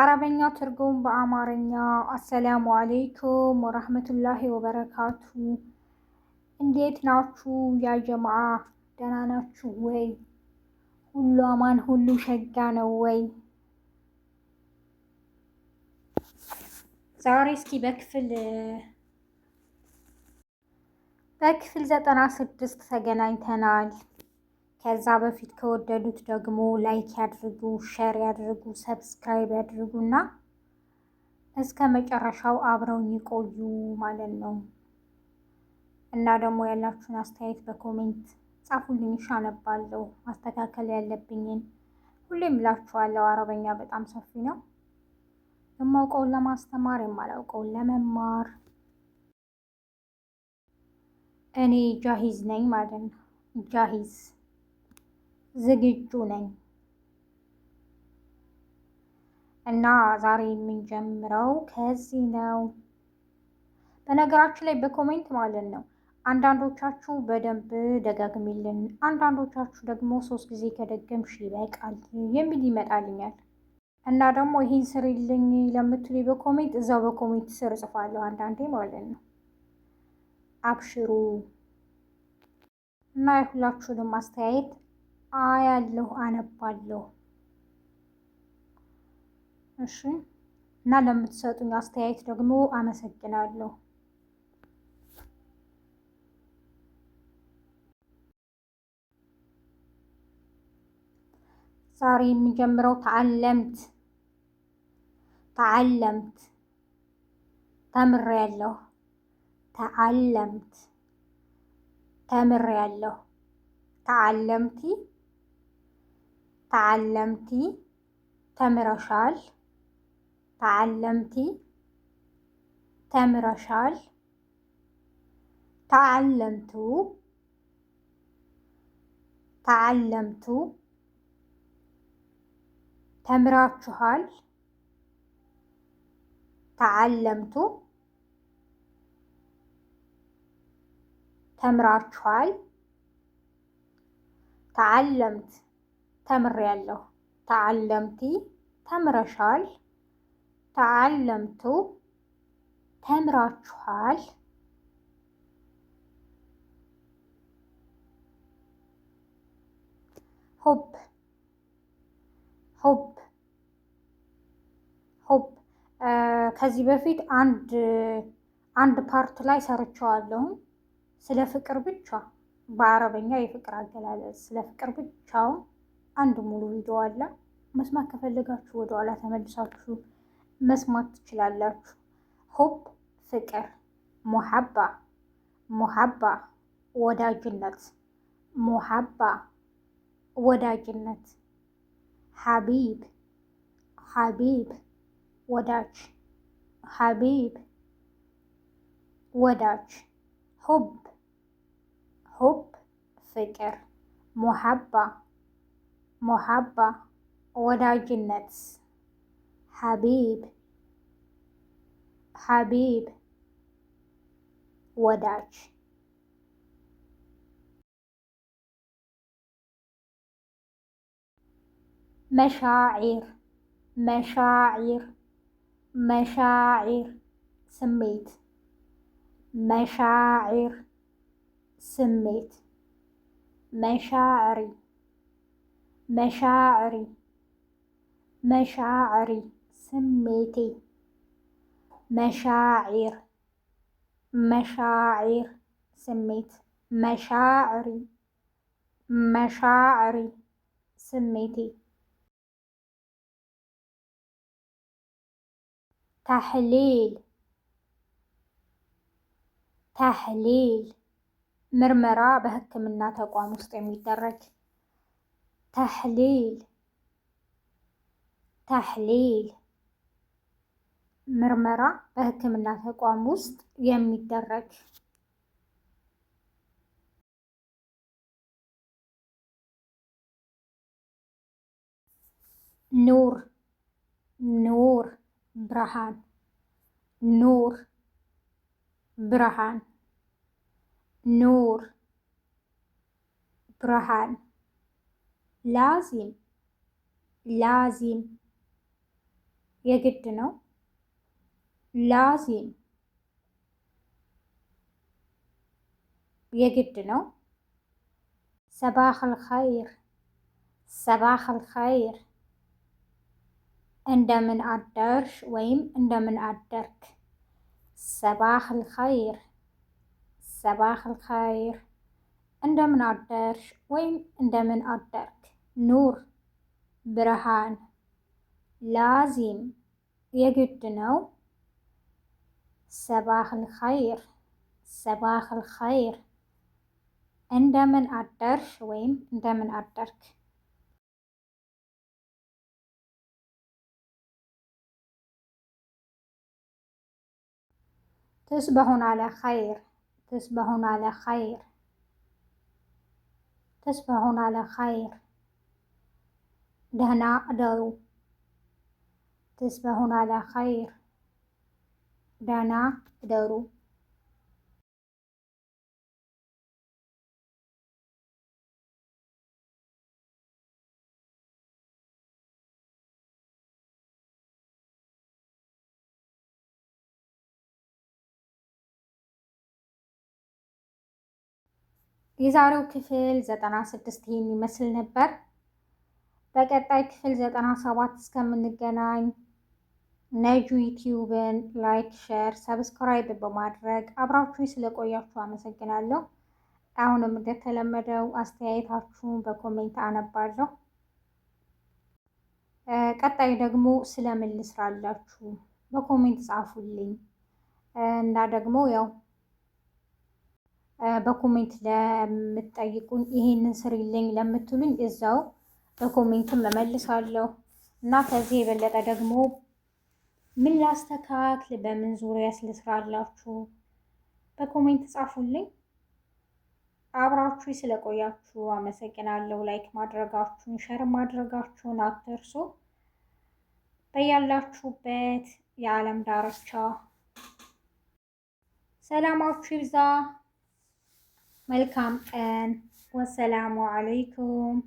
አረበኛ ትርጉም በአማርኛ። አሰላሙ አሌይኩም ወራህመቱላሂ ወበረካቱ። እንዴት ናችሁ ያጀማአ? ደህና ናችሁ ወይ? ሁሉ አማን፣ ሁሉ ሸጋ ነው ወይ? ዛሬ እስኪ በክፍል በክፍል ዘጠና ስድስት ተገናኝተናል። ከዛ በፊት ከወደዱት ደግሞ ላይክ ያድርጉ፣ ሼር ያድርጉ፣ ሰብስክራይብ ያድርጉና እስከ መጨረሻው አብረው ይቆዩ ማለት ነው። እና ደግሞ ያላችሁን አስተያየት በኮሜንት ጻፉልኝ፣ እሺ አነባለሁ። ማስተካከል ያለብኝን ሁሌም እላችኋለሁ። አረበኛ በጣም ሰፊ ነው። የማውቀውን ለማስተማር የማላውቀውን ለመማር እኔ ጃሂዝ ነኝ ማለት ነው። ጃሂዝ ዝግጁ ነኝ። እና ዛሬ የምንጀምረው ከዚህ ነው። በነገራችን ላይ በኮሜንት ማለት ነው አንዳንዶቻችሁ በደንብ ደጋግሚልን፣ አንዳንዶቻችሁ ደግሞ ሶስት ጊዜ ከደገምሽ ይበቃል የሚል ይመጣልኛል። እና ደግሞ ይህን ስሪልኝ ለምትሉ በኮሜንት እዛው በኮሜንት ስር እጽፋለሁ አንዳንዴ ማለት ነው። አብሽሩ እና የሁላችሁንም አስተያየት አያለሁ፣ አነባለሁ። እሺ። እና ለምትሰጡኝ አስተያየት ደግሞ አመሰግናለሁ። ዛሬ የሚጀምረው ተዓለምት ተዓለምት ተምሬያለሁ። ተዓለምት ተምሬያለሁ። ተዓለምቲ تعلمتي شال تعلمتي تمرشال تعلمت تعلمت شال تعلمت تمرشال تعلمت ተምሬያለሁ። ተዓለምቲ ተምረሻል። ተዓለምቱ ተምራችኋል። ሁብ ሁብ ሁብ ከዚህ በፊት አንድ አንድ ፓርት ላይ ሰርቸዋለሁ ስለ ፍቅር ብቻ በአረበኛ የፍቅር አገላለጽ ስለ ፍቅር ብቻውን አንድ ሙሉ ቪዲዮ አለ። መስማት ከፈለጋችሁ ወደኋላ ተመልሳችሁ መስማት ትችላላችሁ። ሆፕ ፍቅር፣ ሙሐባ ሙሐባ ወዳጅነት፣ ሙሐባ ወዳጅነት፣ ሀቢብ ሀቢብ ወዳጅ፣ ሐቢብ ወዳጅ፣ ሆብ ሆብ ፍቅር ሙሐባ محبة وداجنت حبيب حبيب وداج مشاعر مشاعر مشاعر سميت مشاعر سميت مشاعري مشاعري مشاعري سميتي مشاعر مشاعر سميت مشاعري مشاعري سميتي تحليل تحليل مرمرة بهكم الناتج وامستعمل درجة تحليل تحليል ምርመራ በሕክምና ተቋም ውስጥ የሚደረግ ኑር ኑር ብርሃን ኑር ብርሃን ኑር ብርሃን ላዚም ላዚም የግድ ነው። ላዚም የግድ ነው። ሰባህል ኸይር ሰባህል ኸይር እንደምን አደርሽ ወይም እንደምን አደርክ። ሰባህል ኸይር ሰባህል ኸይር እንደምን አደርሽ ወይም እንደምን አደርክ። ኑር ብርሃን ላዚም የግድ ነው። ሰባህ ልኸይር ሰባህ ልኸይር እንደምን አደርሽ ወይም እንደምን አደርክ። تصبحون على خير تصبحون على خير تصبحون على خير ደህና እደሩ። تصبحون على خير ደህና እደሩ። የዛሬው ክፍል ዘጠና ስድስት ይህን ይመስል ነበር። በቀጣይ ክፍል ዘጠና ሰባት እስከምንገናኝ ነጁ ዩቲዩብን ላይክ፣ ሼር፣ ሰብስክራይብ በማድረግ አብራችሁ ስለቆያችሁ አመሰግናለሁ። አሁንም እንደተለመደው አስተያየታችሁን በኮሜንት አነባለሁ። ቀጣይ ደግሞ ስለምን ልስራላችሁ በኮሜንት ጻፉልኝ እና ደግሞ ያው በኮሜንት ለምትጠይቁኝ ይሄንን ስሪልኝ ለምትሉኝ እዛው በኮሜንትም እመልሳለሁ እና ከዚህ የበለጠ ደግሞ ምን ላስተካክል፣ በምን ዙሪያ ስለስራላችሁ በኮሜንት ጻፉልኝ። አብራችሁ ስለቆያችሁ አመሰግናለሁ። ላይክ ማድረጋችሁን ሸር ማድረጋችሁን አትርሱ። በያላችሁበት የዓለም ዳርቻ ሰላማችሁ ይብዛ። መልካም ቀን። ወሰላሙ አለይኩም